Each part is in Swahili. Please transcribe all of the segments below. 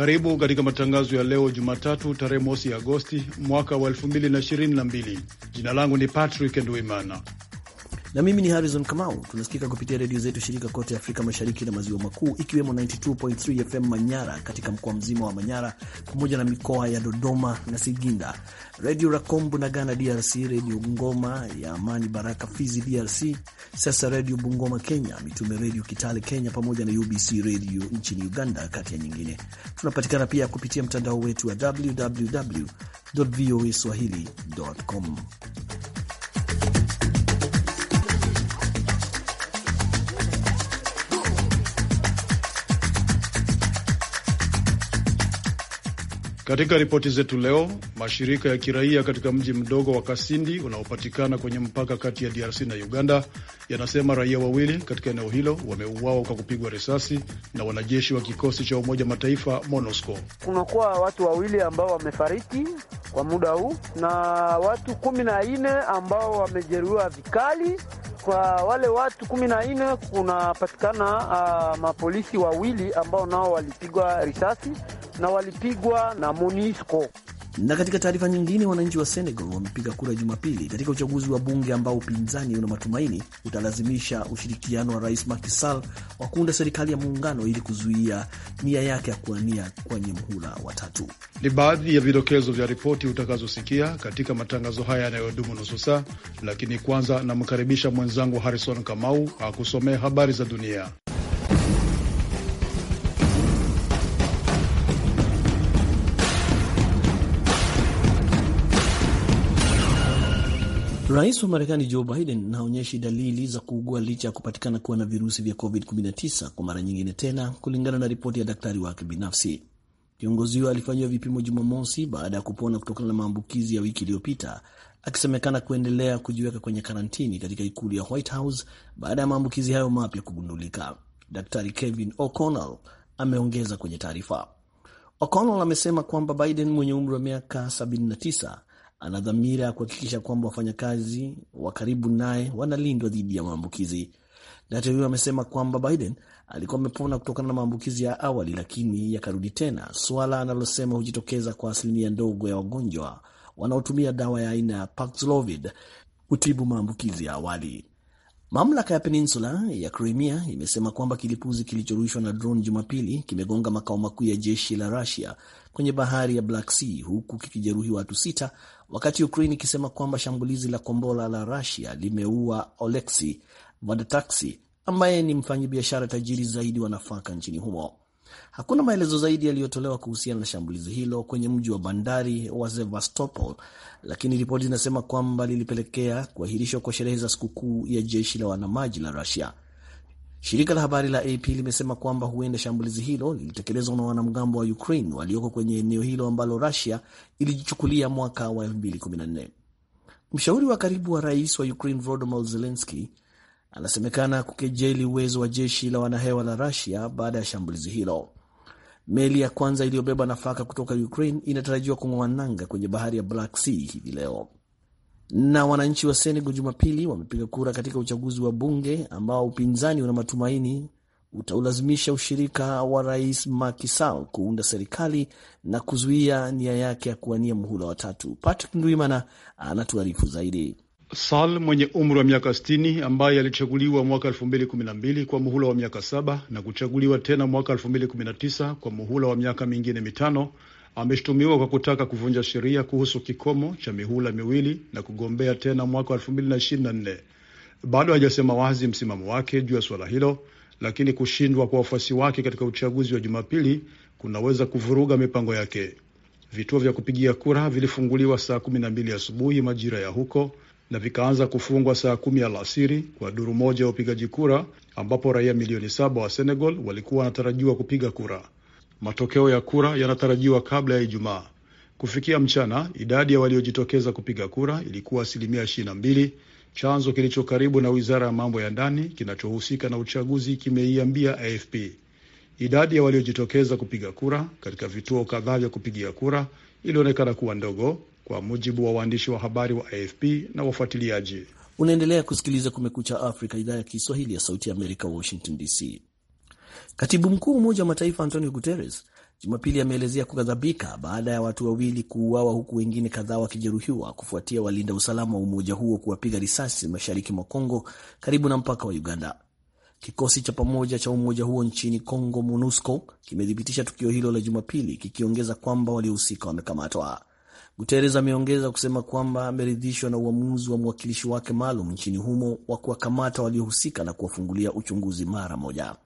Karibu katika matangazo ya leo Jumatatu, tarehe mosi Agosti mwaka wa 222 Jina langu ni Patrick Ndwimana na mimi ni Harrison Kamau. Tunasikika kupitia redio zetu shirika kote Afrika Mashariki na Maziwa Makuu, ikiwemo 92.3 FM Manyara katika mkoa mzima wa Manyara pamoja na mikoa ya Dodoma na Siginda, redio Rakombu na Ghana DRC, redio Ngoma ya Amani Baraka Fizi DRC, sasa redio Bungoma Kenya, Mitume redio Kitale Kenya pamoja na UBC redio nchini Uganda, kati ya nyingine. Tunapatikana pia kupitia mtandao wetu wa www voa swahili.com. Katika ripoti zetu leo, mashirika ya kiraia katika mji mdogo wa Kasindi unaopatikana kwenye mpaka kati ya DRC na Uganda yanasema raia wawili katika eneo hilo wameuawa kwa kupigwa risasi na wanajeshi wa kikosi cha Umoja Mataifa MONUSCO. Kunakuwa watu wawili ambao wamefariki kwa muda huu na watu kumi na nne ambao wamejeruhiwa vikali. Kwa wale watu kumi na nne kunapatikana uh, mapolisi wawili ambao nao walipigwa risasi na walipigwa na MONUSCO. Na katika taarifa nyingine, wananchi wa Senegal wamepiga kura Jumapili katika uchaguzi wa bunge ambao upinzani una matumaini utalazimisha ushirikiano wa rais Macky Sall wa kuunda serikali ya muungano ili kuzuia nia yake ya kuania kwenye mhula wa tatu. Ni baadhi ya vidokezo vya ripoti utakazosikia katika matangazo haya yanayodumu nusu saa, lakini kwanza namkaribisha mwenzangu Harrison Kamau akusomee habari za dunia. Rais wa Marekani Joe Biden haonyeshi dalili za kuugua licha ya kupatikana kuwa na virusi vya COVID-19 kwa mara nyingine tena, kulingana na ripoti ya daktari wake binafsi. Kiongozi huyo alifanyiwa vipimo Jumamosi baada ya kupona kutokana na maambukizi ya wiki iliyopita, akisemekana kuendelea kujiweka kwenye karantini katika ikulu ya White House baada ya maambukizi hayo mapya kugundulika. Daktari Kevin O'Connell ameongeza kwenye taarifa. O'Connell amesema kwamba Biden mwenye umri wa miaka 79 ana dhamira ya kuhakikisha kwamba wafanyakazi wa karibu naye wanalindwa dhidi ya maambukizi. Data huyo amesema kwamba Biden alikuwa amepona kutokana na maambukizi ya awali, lakini yakarudi tena, swala analosema hujitokeza kwa asilimia ndogo ya wagonjwa wanaotumia dawa ya aina ya Paxlovid kutibu maambukizi ya awali. Mamlaka ya peninsula ya Crimea imesema kwamba kilipuzi kilichorushwa na drone Jumapili kimegonga makao makuu ya jeshi la Rusia kwenye bahari ya Black Sea huku kikijeruhi watu sita, wakati Ukraine ikisema kwamba shambulizi la kombola la rasia limeua olexi vadataxi ambaye ni mfanyabiashara tajiri zaidi wa nafaka nchini humo. Hakuna maelezo zaidi yaliyotolewa kuhusiana na shambulizi hilo kwenye mji wa bandari wa Sevastopol, lakini ripoti zinasema kwamba lilipelekea kuahirishwa kwa sherehe za sikukuu ya jeshi la wanamaji la Rusia. Shirika la habari la AP limesema kwamba huenda shambulizi hilo lilitekelezwa na wanamgambo wa Ukraine walioko kwenye eneo hilo ambalo Rusia ilijichukulia mwaka wa 2014. Mshauri wa karibu wa rais wa Ukraine Volodymyr Zelensky anasemekana kukejeli uwezo wa jeshi la wanahewa la Rusia baada ya shambulizi hilo. Meli ya kwanza iliyobeba nafaka kutoka Ukraine inatarajiwa kung'oa nanga kwenye bahari ya Black Sea hivi leo. Na wananchi wa Senegal Jumapili wamepiga kura katika uchaguzi wa bunge ambao upinzani una matumaini utaulazimisha ushirika wa rais Macky Sall kuunda serikali na kuzuia nia yake ya kuwania muhula wa tatu. Patrick Ndwimana anatuarifu zaidi. Sal mwenye umri wa miaka 60 ambaye alichaguliwa mwaka 2012 kwa muhula wa miaka saba na kuchaguliwa tena mwaka 2019 kwa muhula wa miaka mingine mitano ameshutumiwa kwa kutaka kuvunja sheria kuhusu kikomo cha mihula miwili na kugombea tena mwaka 2024. Bado hajasema wazi msimamo wake juu ya suala hilo, lakini kushindwa kwa wafuasi wake katika uchaguzi wa Jumapili kunaweza kuvuruga mipango yake. Vituo vya kupigia kura vilifunguliwa saa 12 asubuhi majira ya huko na vikaanza kufungwa saa kumi alasiri kwa duru moja ya upigaji kura ambapo raia milioni saba wa Senegal walikuwa wanatarajiwa kupiga kura. Matokeo ya kura yanatarajiwa kabla ya Ijumaa. Kufikia mchana, idadi ya waliojitokeza kupiga kura ilikuwa asilimia ishirini na mbili. Chanzo kilicho karibu na wizara ya mambo ya ndani kinachohusika na uchaguzi kimeiambia AFP idadi ya waliojitokeza kupiga kura katika vituo kadhaa vya kupigia kura ilionekana kuwa ndogo, kwa mujibu wa waandishi wa habari wa AFP na wafuatiliaji. Unaendelea kusikiliza Kumekucha Afrika, idhaa ya Kiswahili ya Sauti ya Amerika, Washington DC. Katibu mkuu wa Umoja wa Mataifa Antonio Guterres Jumapili ameelezea kughadhabika baada ya watu wawili kuuawa huku wengine kadhaa wakijeruhiwa kufuatia walinda usalama wa umoja huo kuwapiga risasi mashariki mwa Kongo karibu na mpaka wa Uganda. Kikosi cha pamoja cha umoja huo nchini Kongo, MONUSCO, kimethibitisha tukio hilo la Jumapili, kikiongeza kwamba waliohusika wamekamatwa. Guterres ameongeza kusema kwamba ameridhishwa na uamuzi wa mwakilishi wake maalum nchini humo wa kuwakamata waliohusika na kuwafungulia uchunguzi mara moja.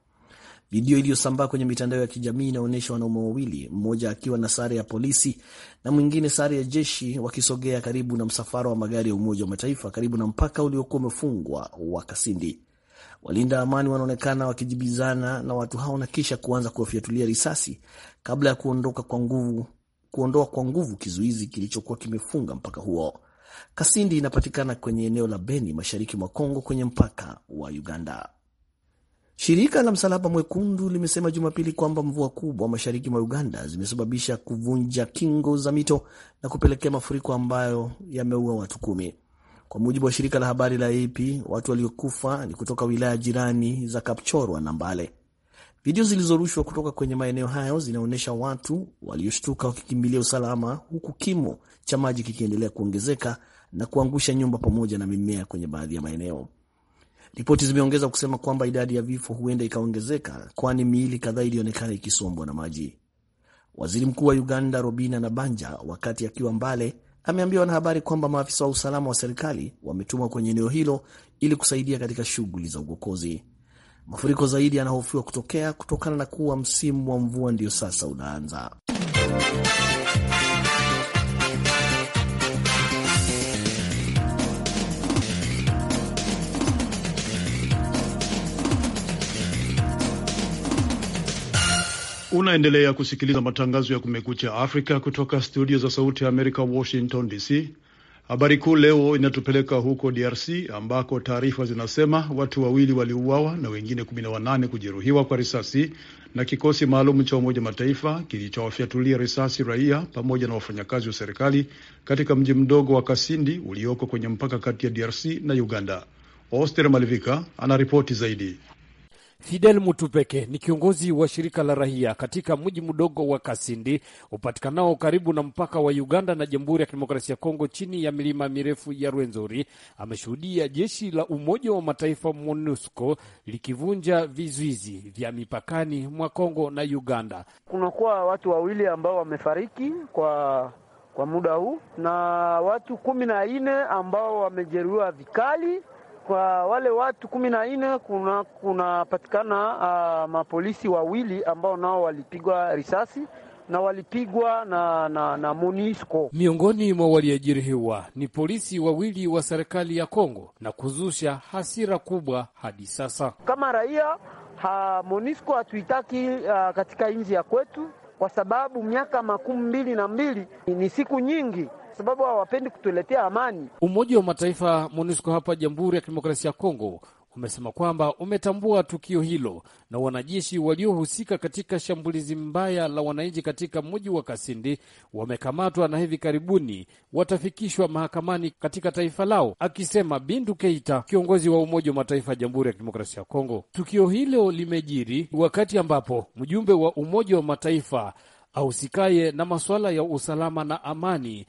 Video iliyosambaa kwenye mitandao ya kijamii inaonyesha wanaume wawili, mmoja akiwa na sare ya polisi na mwingine sare ya jeshi, wakisogea karibu na msafara wa magari ya Umoja wa Mataifa karibu na mpaka uliokuwa umefungwa wa Kasindi. Walinda amani wanaonekana wakijibizana na watu hao na kisha kuanza kuwafyatulia risasi kabla ya kuondoka kwa nguvu kuondoa kwa nguvu kizuizi kilichokuwa kimefunga mpaka huo. Kasindi inapatikana kwenye eneo la Beni, mashariki mwa Kongo, kwenye mpaka wa Uganda. Shirika la Msalaba Mwekundu limesema Jumapili kwamba mvua kubwa mashariki mwa Uganda zimesababisha kuvunja kingo za mito na kupelekea mafuriko ambayo yameua watu kumi. Kwa mujibu wa shirika la habari la AP, watu waliokufa ni kutoka wilaya jirani za Kapchorwa na Mbale. Video zilizorushwa kutoka kwenye maeneo hayo zinaonyesha watu walioshtuka wakikimbilia usalama, huku kimo cha maji kikiendelea kuongezeka na kuangusha nyumba pamoja na mimea kwenye baadhi ya maeneo. Ripoti zimeongeza kusema kwamba idadi ya vifo huenda ikaongezeka, kwani miili kadhaa ilionekana ikisombwa na maji. Waziri Mkuu wa Uganda Robina Nabanja, wakati akiwa Mbale, ameambia wanahabari kwamba maafisa wa usalama wa serikali wametumwa kwenye eneo hilo ili kusaidia katika shughuli za uokozi. Mafuriko zaidi yanahofiwa kutokea kutokana na kuwa msimu wa mvua ndio sasa unaanza. Unaendelea kusikiliza matangazo ya Kumekucha Afrika kutoka studio za Sauti ya Amerika, Washington DC. Habari kuu leo inatupeleka huko DRC ambako taarifa zinasema watu wawili waliuawa na wengine kumi na wanane kujeruhiwa kwa risasi na kikosi maalum cha Umoja Mataifa kilichowafyatulia risasi raia pamoja na wafanyakazi wa serikali katika mji mdogo wa Kasindi ulioko kwenye mpaka kati ya DRC na Uganda. Oster Malivika anaripoti zaidi. Fidel Mutupeke ni kiongozi wa shirika la rahia katika mji mdogo wa Kasindi upatikanao karibu na mpaka wa Uganda na Jamhuri ya Kidemokrasia ya Kongo, chini ya milima mirefu ya Rwenzori. Ameshuhudia jeshi la Umoja wa Mataifa MONUSCO likivunja vizuizi vya mipakani mwa Kongo na Uganda. Kunakuwa watu wawili ambao wamefariki kwa kwa muda huu na watu kumi na nne ambao wamejeruhiwa vikali kwa wale watu kumi na nne kuna kunapatikana uh, mapolisi wawili ambao nao walipigwa risasi na walipigwa na, na, na MONUSCO. Miongoni mwa waliojeruhiwa ni polisi wawili wa serikali ya Kongo na kuzusha hasira kubwa hadi sasa. Kama raia ha, MONUSCO hatuitaki uh, katika nchi ya kwetu kwa sababu miaka makumi mbili na mbili ni siku nyingi sababu hawapendi kutuletea amani. Umoja wa Mataifa MONUSCO hapa Jamhuri ya Kidemokrasia ya Kongo umesema kwamba umetambua tukio hilo na wanajeshi waliohusika katika shambulizi mbaya la wananchi katika mji wa Kasindi wamekamatwa na hivi karibuni watafikishwa mahakamani katika taifa lao, akisema Bindu Keita, kiongozi wa Umoja wa Mataifa ya Jamhuri ya Kidemokrasia ya Kongo. Tukio hilo limejiri wakati ambapo mjumbe wa Umoja wa Mataifa ahusikaye na masuala ya usalama na amani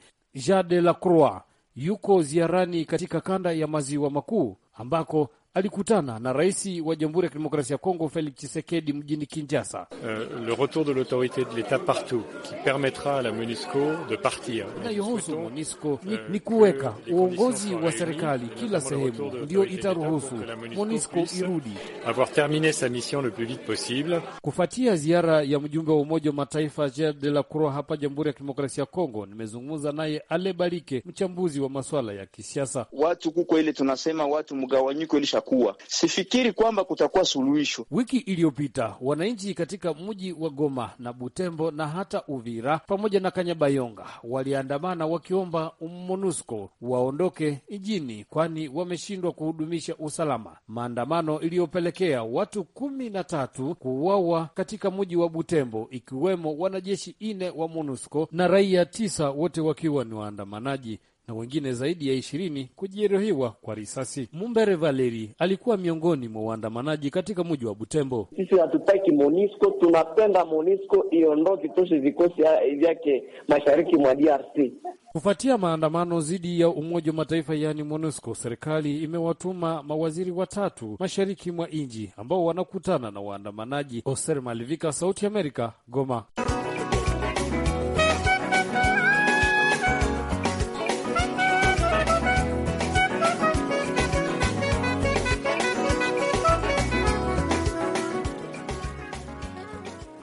la croix yuko ziarani katika kanda ya maziwa makuu ambako alikutana na rais wa Jamhuri ya Kidemokrasia ya Kongo Felix Tshisekedi mjini Kinshasa. Uh, le retour de l'autorité de l'etat partout qui permettra à la MONUSCO de partir. Inayohusu MONUSCO euh, ni, ni kuweka uongozi wa serikali kila sehemu, ndio itaruhusu MONUSCO irudi avoir terminé sa mission le plus vite possible. Kufuatia ziara ya mjumbe wa Umoja wa Mataifa Gerard de la Croix hapa Jamhuri ya Kidemokrasia ya Kongo, nimezungumza naye Ale Barike, mchambuzi wa masuala ya kisiasa. Watu kuko ile tunasema watu mgawanyiko ilisha kuwa. Sifikiri kwamba kutakuwa suluhisho. Wiki iliyopita wananchi katika mji wa Goma na Butembo na hata Uvira pamoja na Kanyabayonga waliandamana wakiomba MONUSCO waondoke nchini, kwani wameshindwa kuhudumisha usalama. Maandamano iliyopelekea watu kumi na tatu kuuawa katika mji wa Butembo, ikiwemo wanajeshi ine wa MONUSCO na raia tisa, wote wakiwa ni waandamanaji na wengine zaidi ya ishirini kujeruhiwa kwa risasi. Mumbere Valeri alikuwa miongoni mwa waandamanaji katika mji wa Butembo. Sisi hatutaki Monisco, tunapenda Monisco iondoke, toshe vikosi vyake mashariki mwa DRC. Kufuatia maandamano dhidi ya Umoja wa Mataifa yaani MONUSCO, serikali imewatuma mawaziri watatu mashariki mwa nchi ambao wanakutana na waandamanaji. Oser Malivika, Sauti Amerika, Goma.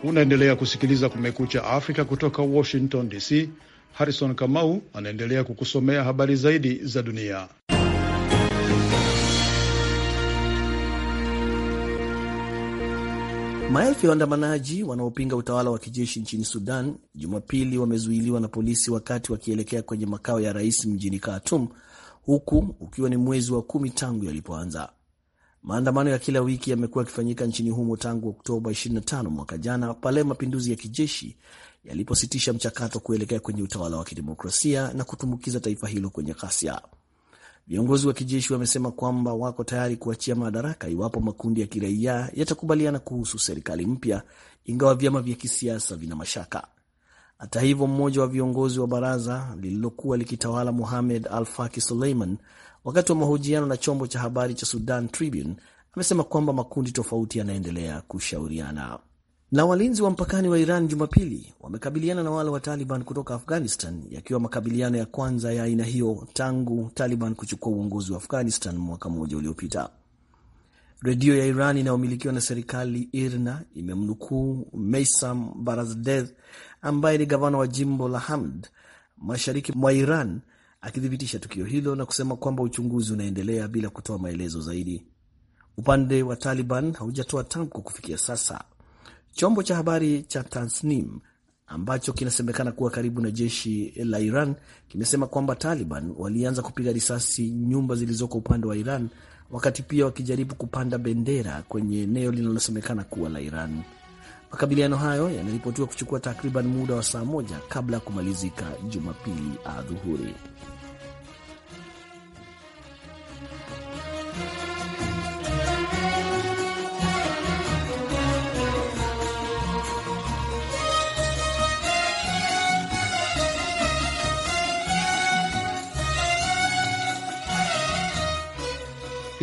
Unaendelea kusikiliza Kumekucha Afrika kutoka Washington DC. Harrison Kamau anaendelea kukusomea habari zaidi za dunia. Maelfu ya waandamanaji wanaopinga utawala wa kijeshi nchini Sudan Jumapili wamezuiliwa na polisi wakati wakielekea kwenye makao ya rais mjini Khartoum, huku ukiwa ni mwezi wa kumi tangu yalipoanza. Maandamano ya kila wiki yamekuwa yakifanyika nchini humo tangu Oktoba 25 mwaka jana, pale mapinduzi ya kijeshi yalipositisha mchakato kuelekea kwenye utawala wa kidemokrasia na kutumbukiza taifa hilo kwenye ghasia. Viongozi wa kijeshi wamesema kwamba wako tayari kuachia madaraka iwapo makundi ya kiraia yatakubaliana kuhusu serikali mpya, ingawa vyama vya kisiasa vina mashaka. Hata hivyo, mmoja wa viongozi wa baraza lililokuwa likitawala Mohamed Al Faki Suleiman Wakati wa mahojiano na chombo cha habari cha Sudan Tribune, amesema kwamba makundi tofauti yanaendelea kushauriana. Na walinzi wa mpakani wa Iran Jumapili wamekabiliana na wale wa Taliban kutoka Afghanistan, yakiwa makabiliano ya kwanza ya aina hiyo tangu Taliban kuchukua uongozi wa Afghanistan mwaka mmoja uliopita. Redio ya Iran inayomilikiwa na serikali IRNA imemnukuu Meisam Barazdeh ambaye ni gavana wa jimbo la Hamd mashariki mwa Iran akithibitisha tukio hilo na kusema kwamba uchunguzi unaendelea bila kutoa maelezo zaidi. Upande wa Taliban haujatoa tamko kufikia sasa. Chombo cha habari cha Tasnim ambacho kinasemekana kuwa karibu na jeshi la Iran kimesema kwamba Taliban walianza kupiga risasi nyumba zilizoko upande wa Iran wakati pia wakijaribu kupanda bendera kwenye eneo linalosemekana kuwa la Iran. Makabiliano hayo yanaripotiwa kuchukua takriban muda wa saa moja kabla ya kumalizika Jumapili adhuhuri.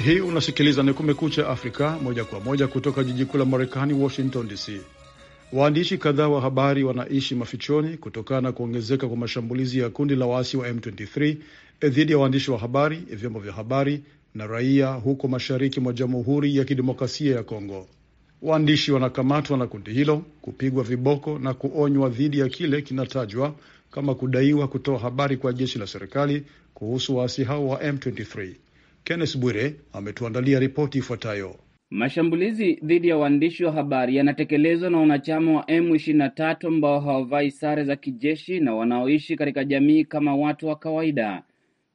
Hii unasikiliza ni Kumekucha Afrika moja kwa moja kutoka jiji kuu la Marekani, Washington DC. Waandishi kadhaa wa habari wanaishi mafichoni kutokana na kuongezeka kwa mashambulizi ya kundi la waasi wa M23 eh, dhidi ya waandishi wa habari, eh, vyombo vya habari na raia huko mashariki mwa Jamhuri ya Kidemokrasia ya Kongo. Waandishi wanakamatwa na kundi hilo, kupigwa viboko na kuonywa dhidi ya kile kinatajwa kama kudaiwa kutoa habari kwa jeshi la serikali kuhusu waasi hao wa M23. Kenneth Bwire ametuandalia ripoti ifuatayo. Mashambulizi dhidi ya waandishi wa habari yanatekelezwa na wanachama wa M23 ambao hawavai sare za kijeshi na wanaoishi katika jamii kama watu wa kawaida.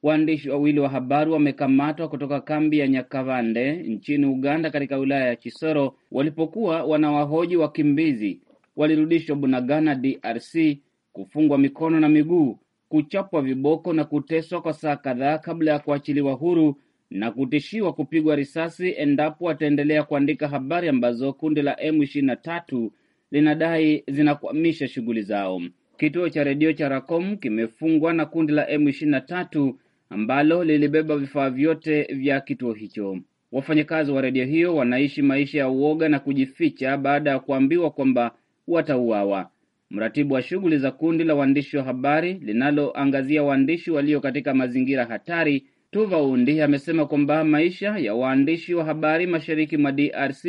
Waandishi wawili wa habari wamekamatwa kutoka kambi ya Nyakavande nchini Uganda, katika wilaya ya Chisoro walipokuwa wanawahoji wakimbizi. Walirudishwa Bunagana, DRC, kufungwa mikono na miguu, kuchapwa viboko na kuteswa kwa saa kadhaa kabla ya kuachiliwa huru na kutishiwa kupigwa risasi endapo ataendelea kuandika habari ambazo kundi la M23 linadai zinakwamisha shughuli zao. Kituo cha redio cha Rakom kimefungwa na kundi la M23 ambalo lilibeba vifaa vyote vya kituo hicho. Wafanyakazi wa redio hiyo wanaishi maisha ya uoga na kujificha baada ya kuambiwa kwamba watauawa. Mratibu wa shughuli za kundi la waandishi wa habari linaloangazia waandishi walio katika mazingira hatari Tuvaundi amesema kwamba maisha ya waandishi wa habari mashariki mwa DRC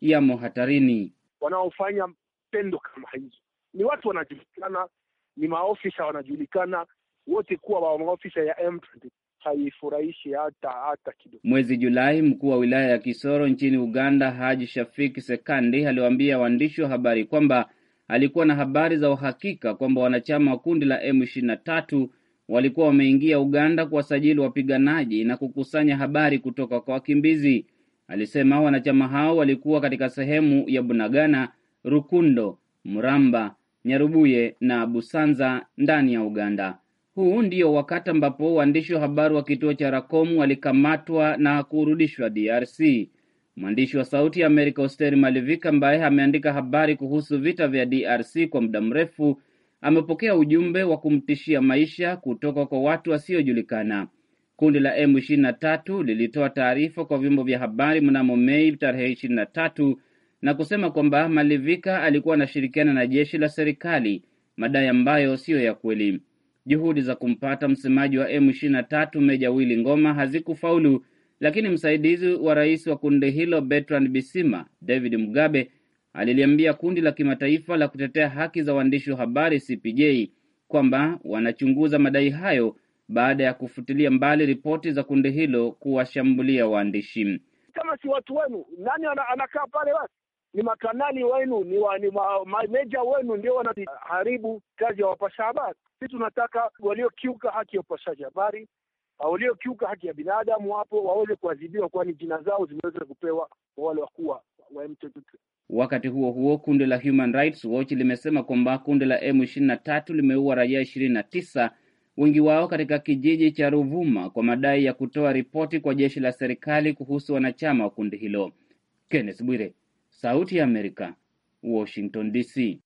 yamo hatarini. Wanaofanya tendo kama hizo ni watu wanajulikana, ni maofisa wanajulikana wote kuwa wa maofisa ya M23. Haifurahishi hata hata kidogo. Mwezi Julai, mkuu wa wilaya ya Kisoro nchini Uganda, Haji Shafik Sekandi, aliwaambia waandishi wa habari kwamba alikuwa na habari za uhakika kwamba wanachama wa kundi la M23 walikuwa wameingia Uganda kuwasajili wapiganaji na kukusanya habari kutoka kwa wakimbizi. Alisema wanachama hao walikuwa katika sehemu ya Bunagana, Rukundo, Muramba, Nyarubuye na Busanza ndani ya Uganda. Huu ndio wakati ambapo waandishi wa habari wa kituo cha Rakom walikamatwa na kurudishwa DRC. Mwandishi wa Sauti ya Amerika Osteri Malivika ambaye ameandika habari kuhusu vita vya DRC kwa muda mrefu amepokea ujumbe wa kumtishia maisha kutoka kwa watu wasiojulikana. Kundi la M23 lilitoa taarifa kwa vyombo vya habari mnamo Mei tarehe 23 na kusema kwamba Malivika alikuwa anashirikiana na jeshi la serikali, madai ambayo siyo ya kweli. Juhudi za kumpata msemaji wa M23 Meja Willy Ngoma hazikufaulu, lakini msaidizi wa rais wa kundi hilo Bertrand bisima David Mugabe aliliambia kundi la kimataifa la kutetea haki za waandishi wa habari CPJ kwamba wanachunguza madai hayo baada ya kufutilia mbali ripoti za kundi hilo kuwashambulia waandishi. Kama si watu wenu, nani anakaa pale? Basi ni makanali wenu, ni wa, ni ma, maneja wenu ndio wanaharibu kazi ya wapasha habari. Sisi tunataka waliokiuka haki ya upashaji habari, waliokiuka haki ya binadamu hapo waweze kuadhibiwa, kwani jina zao zimeweza kupewa wale wakuu wa M23. Wakati huo huo, kundi la Human Rights Watch limesema kwamba kundi la M23 limeua raia 29 wengi wao katika kijiji cha Ruvuma kwa madai ya kutoa ripoti kwa jeshi la serikali kuhusu wanachama wa kundi hilo. Kenneth Bwire, Sauti ya Amerika, Washington DC.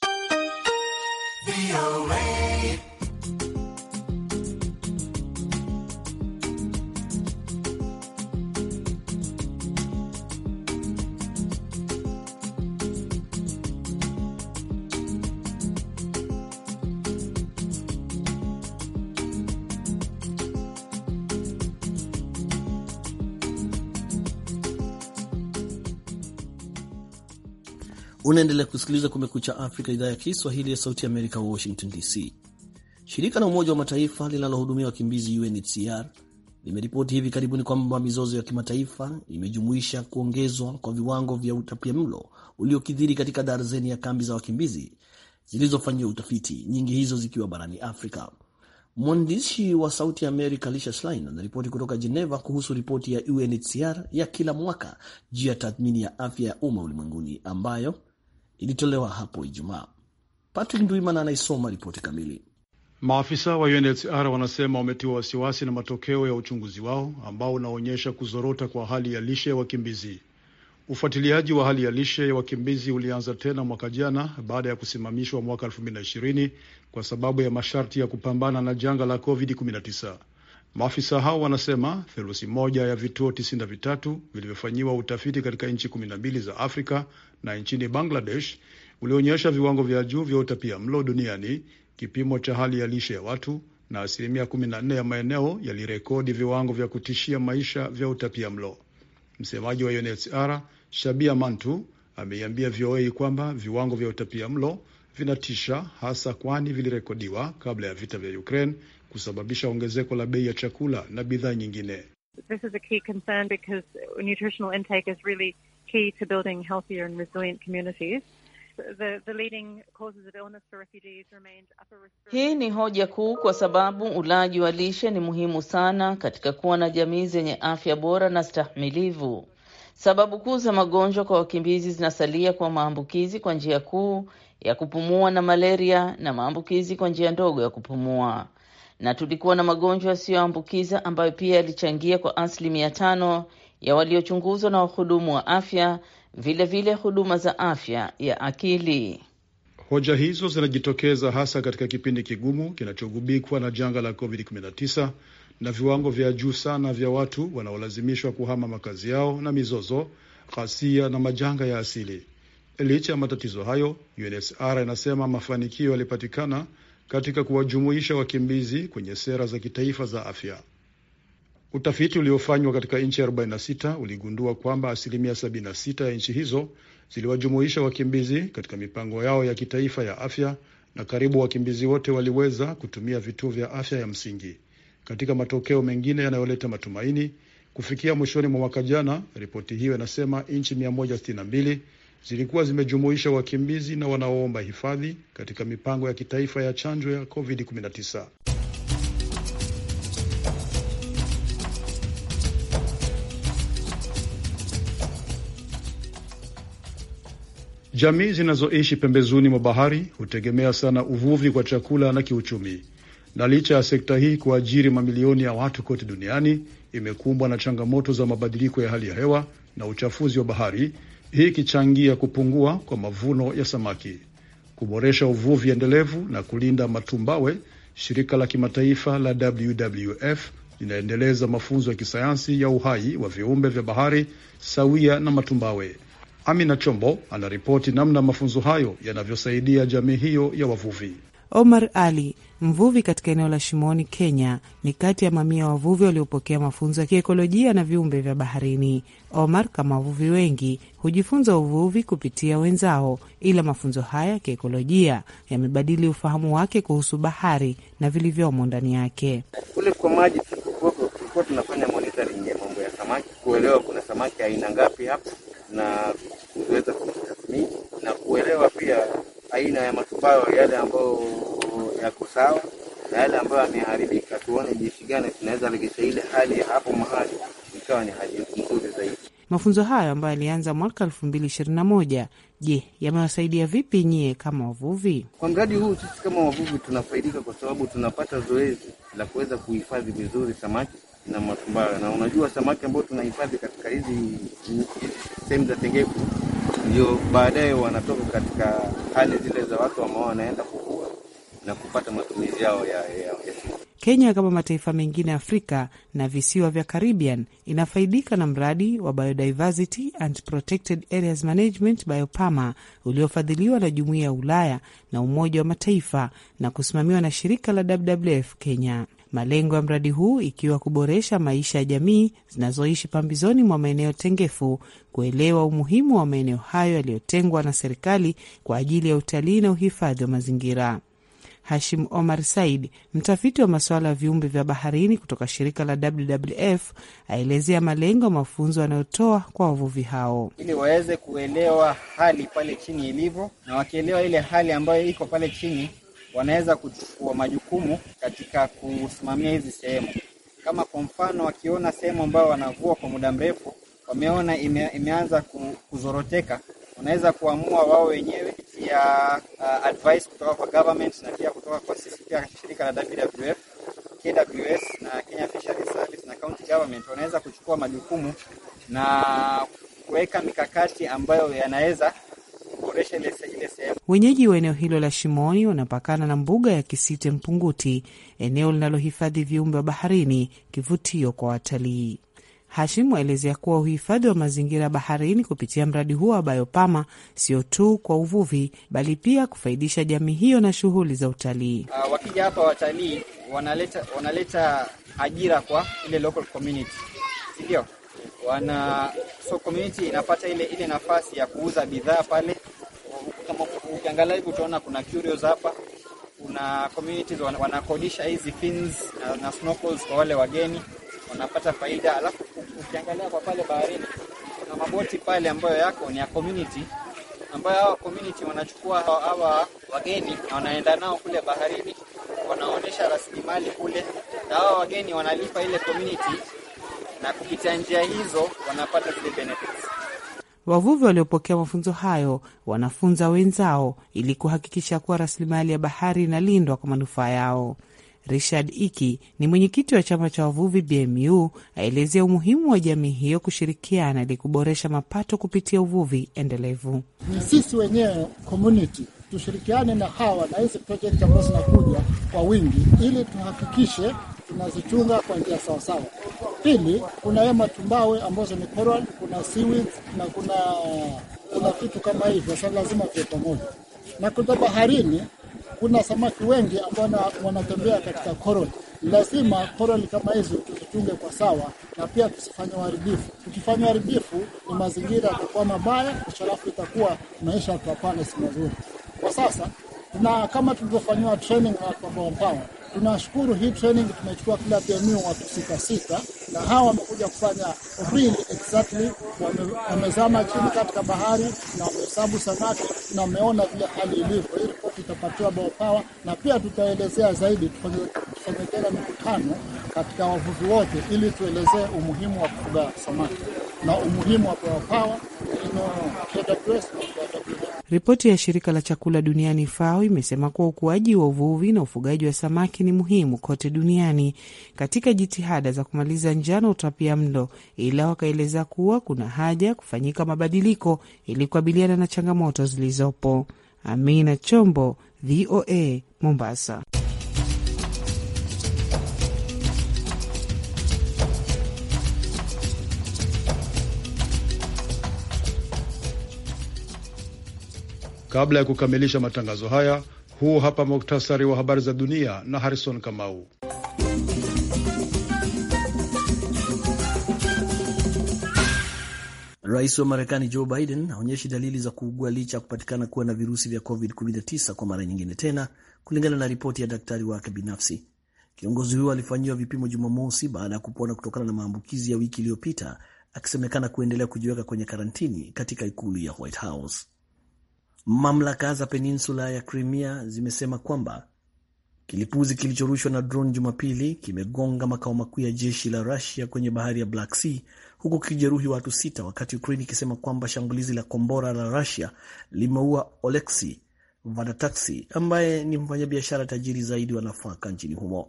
Unaendelea kusikiliza Kumekucha Afrika, idhaa ya Kiswahili ya Sauti Amerika, Washington DC. Shirika la Umoja wa Mataifa linalohudumia wakimbizi UNHCR limeripoti hivi karibuni kwamba mizozo ya kimataifa imejumuisha kuongezwa kwa viwango vya utapiamlo uliokithiri katika darzeni ya kambi za wakimbizi zilizofanyiwa utafiti, nyingi hizo zikiwa barani Afrika. Mwandishi wa Sauti ya Amerika Lisha Schlein anaripoti kutoka Geneva kuhusu ripoti ya UNHCR ya kila mwaka juu ya tathmini ya afya ya umma ulimwenguni ambayo ilitolewa hapo Ijumaa. Patrick Ndwimana anaisoma ripoti kamili. Maafisa wa UNHCR wanasema wametiwa wasiwasi na matokeo ya uchunguzi wao ambao unaonyesha kuzorota kwa hali ya lishe ya wakimbizi. Ufuatiliaji wa hali ya lishe ya wakimbizi ulianza tena mwaka jana baada ya kusimamishwa mwaka 2020 kwa sababu ya masharti ya kupambana na janga la COVID-19. Maafisa hao wanasema theluthi moja ya vituo tisini na vitatu vilivyofanyiwa utafiti katika nchi kumi na mbili za Afrika na nchini Bangladesh ulionyesha viwango vya juu vya utapia mlo duniani, kipimo cha hali ya lishe ya watu, na asilimia kumi na nne ya maeneo yalirekodi viwango vya kutishia maisha vya utapia mlo. Msemaji wa UNHCR Shabia Mantu ameiambia VOA kwamba viwango vya utapia mlo vinatisha hasa kwani vilirekodiwa kabla ya vita vya Ukraine kusababisha ongezeko la bei ya chakula na bidhaa nyingine. Hii ni hoja kuu, kwa sababu ulaji wa lishe ni muhimu sana katika kuwa na jamii zenye afya bora na stahimilivu. Sababu kuu za magonjwa kwa wakimbizi zinasalia kwa maambukizi kwa njia kuu ya kupumua na malaria na maambukizi kwa njia ndogo ya kupumua na tulikuwa na magonjwa yasiyoambukiza ambayo pia yalichangia kwa asilimia tano ya waliochunguzwa na wahudumu wa afya, vilevile vile huduma za afya ya akili. Hoja hizo zinajitokeza hasa katika kipindi kigumu kinachogubikwa na janga la COVID-19 na viwango vya juu sana vya watu wanaolazimishwa kuhama makazi yao na mizozo, ghasia na majanga ya asili. Licha ya matatizo hayo, UNHCR inasema mafanikio yalipatikana katika kuwajumuisha wakimbizi kwenye sera za kitaifa za afya. Utafiti uliofanywa katika nchi 46 uligundua kwamba asilimia 76 ya nchi hizo ziliwajumuisha wakimbizi katika mipango yao ya kitaifa ya afya na karibu wakimbizi wote waliweza kutumia vituo vya afya ya msingi. Katika matokeo mengine yanayoleta matumaini, kufikia mwishoni mwa mwaka jana, ripoti hiyo inasema nchi zilikuwa zimejumuisha wakimbizi na wanaoomba hifadhi katika mipango ya kitaifa ya chanjo ya COVID-19. Jamii zinazoishi pembezoni mwa bahari hutegemea sana uvuvi kwa chakula na kiuchumi, na licha ya sekta hii kuajiri mamilioni ya watu kote duniani, imekumbwa na changamoto za mabadiliko ya hali ya hewa na uchafuzi wa bahari hii ikichangia kupungua kwa mavuno ya samaki. Kuboresha uvuvi endelevu na kulinda matumbawe, shirika la kimataifa la WWF linaendeleza mafunzo ya kisayansi ya uhai wa viumbe vya bahari sawia na matumbawe. Amina Chombo anaripoti namna mafunzo hayo yanavyosaidia jamii hiyo ya wavuvi. Omar Ali, mvuvi katika eneo la Shimoni, Kenya, ni kati ya mamia wavuvi waliopokea mafunzo ya kiekolojia na viumbe vya baharini. Omar, kama wavuvi wengi, hujifunza uvuvi kupitia wenzao, ila mafunzo haya ya kiekolojia yamebadili ufahamu wake kuhusu bahari na vilivyomo ndani yake. Kule kwa maji tulikuwa tunafanya monitoring ya mambo ya samaki, kuelewa kuna samaki aina ngapi hapa na kuweza kutathmini na kuelewa pia aina ya matumbao yale ambayo yako sawa na yale ambayo yameharibika, tuone jinsi gani tunaweza regesha ile hali ya hapo mahali ikawa ni hali nzuri zaidi. Mafunzo hayo ambayo yalianza mwaka elfu mbili ishirini na moja, je, yamewasaidia vipi nyie kama wavuvi? Kwa mradi huu sisi kama wavuvi tunafaidika kwa sababu tunapata zoezi la kuweza kuhifadhi vizuri samaki na matumbawe, na unajua samaki ambayo tunahifadhi katika hizi sehemu za tengefu ndio baadaye wanatoka katika hali zile za watu ambao wanaenda kukua na kupata matumizi yao ya, ya, ya. Kenya kama mataifa mengine Afrika na visiwa vya Caribbean inafaidika na mradi wa Biodiversity and Protected Areas Management BIOPAMA uliofadhiliwa na Jumuiya ya Ulaya na Umoja wa Mataifa na kusimamiwa na shirika la WWF Kenya malengo ya mradi huu ikiwa kuboresha maisha ya jamii zinazoishi pambizoni mwa maeneo tengefu, kuelewa umuhimu wa maeneo hayo yaliyotengwa na serikali kwa ajili ya utalii na uhifadhi wa mazingira. Hashim Omar Said, mtafiti wa masuala ya viumbe vya baharini kutoka shirika la WWF, aelezea malengo ya mafunzo yanayotoa kwa wavuvi hao, ili waweze kuelewa hali pale chini ilivyo, na wakielewa ile hali ambayo iko pale chini wanaweza kuchukua majukumu katika kusimamia hizi sehemu. Kama kwa mfano, wakiona sehemu ambayo wanavua kwa muda mrefu wameona ime, imeanza kuzoroteka, wanaweza kuamua wao wenyewe ya uh, advice kutoka kwa government na pia kutoka kwa sisi pia shirika la WWF, KWS na Kenya Fisheries Service na county government wanaweza kuchukua majukumu na kuweka mikakati ambayo yanaweza Wenyeji wa eneo hilo la Shimoni wanapakana na mbuga ya Kisite Mpunguti, eneo linalohifadhi viumbe wa baharini, kivutio kwa watalii. Hashim waelezea kuwa uhifadhi wa mazingira baharini kupitia mradi huo wa Bayopama sio tu kwa uvuvi, bali pia kufaidisha jamii hiyo na shughuli za utalii. Uh, wakija hapa watalii wanaleta, wanaleta ajira kwa ile local community, sindio? Wana so community inapata ile, ile nafasi ya kuuza bidhaa pale Ukiangalia hivi utaona kuna curios hapa, kuna communities wanakodisha hizi fins na, na snorkels kwa wale wageni wanapata faida. Alafu ukiangalia kwa pale baharini kuna maboti pale ambayo yako ni ya community, ambayo hawa community wanachukua hawa wageni na wanaenda nao kule baharini, wanaonyesha rasilimali kule, na hawa wageni wanalipa ile community, na kupitia njia hizo wanapata zile benefit. Wavuvi waliopokea mafunzo hayo wanafunza wenzao ili kuhakikisha kuwa rasilimali ya bahari inalindwa kwa manufaa yao. Richard Iki ni mwenyekiti wa chama cha wavuvi BMU, aelezea umuhimu wa jamii hiyo kushirikiana ili kuboresha mapato kupitia uvuvi endelevu. Ni sisi wenyewe community tushirikiane na hawa na hizi projekti ambazo zinakuja kwa wingi, ili tuhakikishe tunazichunga kwa njia sawasawa. Pili, kuna hema tumbawe ambazo ni coral, kuna seaweed na kuna kuna vitu kama hivyo, sasa lazima vya pamoja. Na kutoka baharini kuna samaki wengi ambao wanatembea katika coral. Lazima coral kama hizo tuzichunge kwa sawa, na pia tusifanye uharibifu. Tukifanya uharibifu, ni mazingira yatakuwa mabaya, halafu itakuwa maisha ya pale si mazuri. Kwa sasa na kama tulivyofanyiwa training na kwa Aquapower Tunashukuru hii training tumechukua kila PMU watu sita sita, na hawa wamekuja kufanya really exactly, wamezama chini katika bahari na wamehesabu samaki na wameona vile hali ilivyo. Hii ripoti itapatiwa na pia tutaelezea zaidi, tufanye tena mikutano katika wavuvi wote, ili tuelezee umuhimu wa kufuga samaki na umuhimu wa BAUPAWA. Ripoti ya shirika la chakula duniani FAO imesema kuwa ukuaji wa uvuvi na ufugaji wa samaki ni muhimu kote duniani katika jitihada za kumaliza njaa na utapia mlo, ila wakaeleza kuwa kuna haja kufanyika mabadiliko ili kukabiliana na changamoto zilizopo. Amina Chombo, VOA, Mombasa. Kabla ya kukamilisha matangazo haya, huu hapa muktasari wa habari za dunia na Harrison Kamau. Rais wa Marekani Joe Biden aonyeshi dalili za kuugua licha ya kupatikana kuwa na virusi vya COVID-19 kwa mara nyingine tena, kulingana na ripoti ya daktari wake binafsi. Kiongozi huyo alifanyiwa vipimo Jumamosi baada ya kupona kutokana na maambukizi ya wiki iliyopita, akisemekana kuendelea kujiweka kwenye karantini katika ikulu ya White House. Mamlaka za peninsula ya Crimea zimesema kwamba kilipuzi kilichorushwa na drone Jumapili kimegonga makao makuu ya jeshi la Rusia kwenye bahari ya Black Sea huku kijeruhi watu sita, wakati Ukraine ikisema kwamba shambulizi la kombora la Rusia limeua Oleksi vadataxi ambaye ni mfanyabiashara tajiri zaidi wa nafaka nchini humo.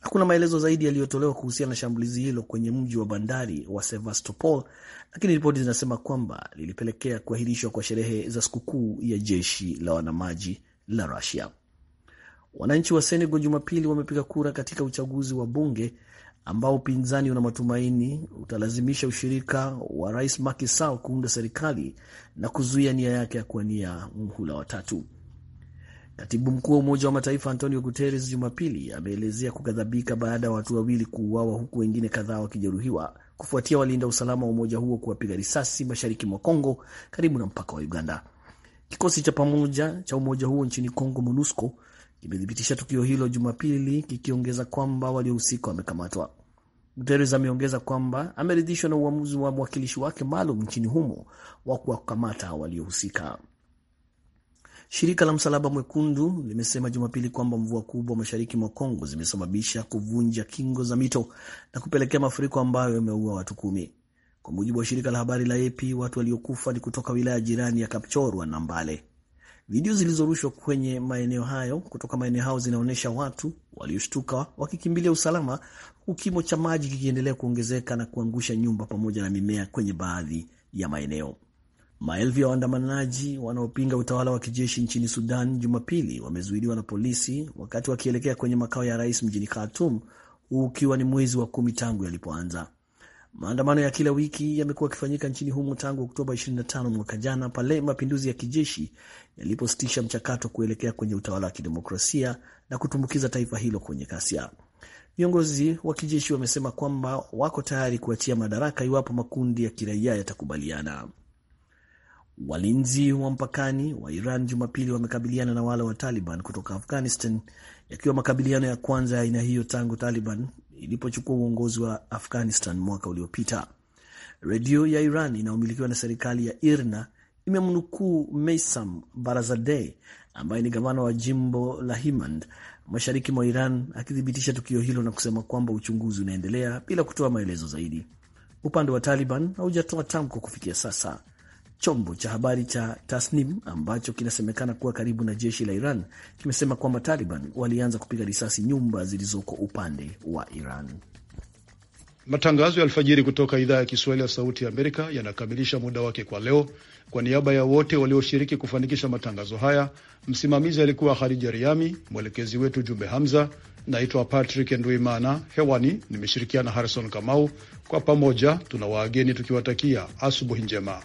Hakuna maelezo zaidi yaliyotolewa kuhusiana na shambulizi hilo kwenye mji wa bandari wa Sevastopol, lakini ripoti zinasema kwamba lilipelekea kuahirishwa kwa sherehe za sikukuu ya jeshi la wanamaji la Rusia. Wananchi wa Senegal Jumapili wamepiga kura katika uchaguzi wa bunge ambao upinzani una matumaini utalazimisha ushirika wa rais Macky Sall kuunda serikali na kuzuia nia yake ya kuwania muhula watatu. Katibu mkuu wa Umoja wa Mataifa Antonio Guterres Jumapili ameelezea kughadhabika baada ya watu wawili kuuawa huku wengine kadhaa wakijeruhiwa kufuatia walinda usalama wa umoja huo kuwapiga risasi mashariki mwa congo karibu na mpaka wa Uganda. Kikosi cha pamoja cha umoja huo nchini congo MONUSCO, kimethibitisha tukio hilo Jumapili, kikiongeza kwamba waliohusika wamekamatwa. Guterres ameongeza kwamba ameridhishwa na uamuzi wa mwakilishi wake maalum nchini humo wa kuwakamata waliohusika. Shirika la Msalaba Mwekundu limesema Jumapili kwamba mvua kubwa mashariki mwa Kongo zimesababisha kuvunja kingo za mito na kupelekea mafuriko ambayo yameua watu kumi. Kwa mujibu wa shirika la habari la AP, watu waliokufa ni kutoka wilaya jirani ya Kapchorwa na Mbale. Video zilizorushwa kwenye maeneo hayo kutoka maeneo hayo zinaonyesha watu walioshtuka wakikimbilia usalama, huku kimo cha maji kikiendelea kuongezeka na kuangusha nyumba pamoja na mimea kwenye baadhi ya maeneo. Maelfu ya waandamanaji wanaopinga utawala wa kijeshi nchini Sudan Jumapili wamezuiliwa na polisi wakati wakielekea kwenye makao ya rais mjini Khartoum, huu ukiwa ni mwezi wa kumi tangu yalipoanza. Maandamano ya kila wiki yamekuwa yakifanyika nchini humo tangu Oktoba 25 mwaka jana, pale mapinduzi ya kijeshi yalipositisha mchakato kuelekea kwenye utawala wa kidemokrasia na kutumbukiza taifa hilo kwenye ghasia. Viongozi wa kijeshi wamesema kwamba wako tayari kuachia madaraka iwapo makundi ya kiraia yatakubaliana. Walinzi wa mpakani wa Iran Jumapili wamekabiliana na wale wa Taliban kutoka Afghanistan, yakiwa makabiliano ya kwanza ya aina hiyo tangu Taliban ilipochukua uongozi wa Afghanistan mwaka uliopita. Redio ya Iran inayomilikiwa na serikali ya IRNA imemnukuu Meisam Barazadeh ambaye ni gavana wa jimbo la himand mashariki mwa Iran akithibitisha tukio hilo na kusema kwamba uchunguzi unaendelea bila kutoa maelezo zaidi. Upande wa Taliban haujatoa tamko kufikia sasa. Chombo cha habari cha Tasnim ambacho kinasemekana kuwa karibu na jeshi la Iran kimesema kwamba Taliban walianza kupiga risasi nyumba zilizoko upande wa Iran. Matangazo ya alfajiri kutoka idhaa ya Kiswahili ya Sauti ya Amerika yanakamilisha muda wake kwa leo. Kwa niaba ya wote walioshiriki kufanikisha matangazo haya, msimamizi alikuwa Hadija Riami, mwelekezi wetu Jumbe Hamza. Naitwa Patrick nduimana hewani nimeshirikiana Harrison Kamau. Kwa pamoja tuna waageni tukiwatakia asubuhi njema.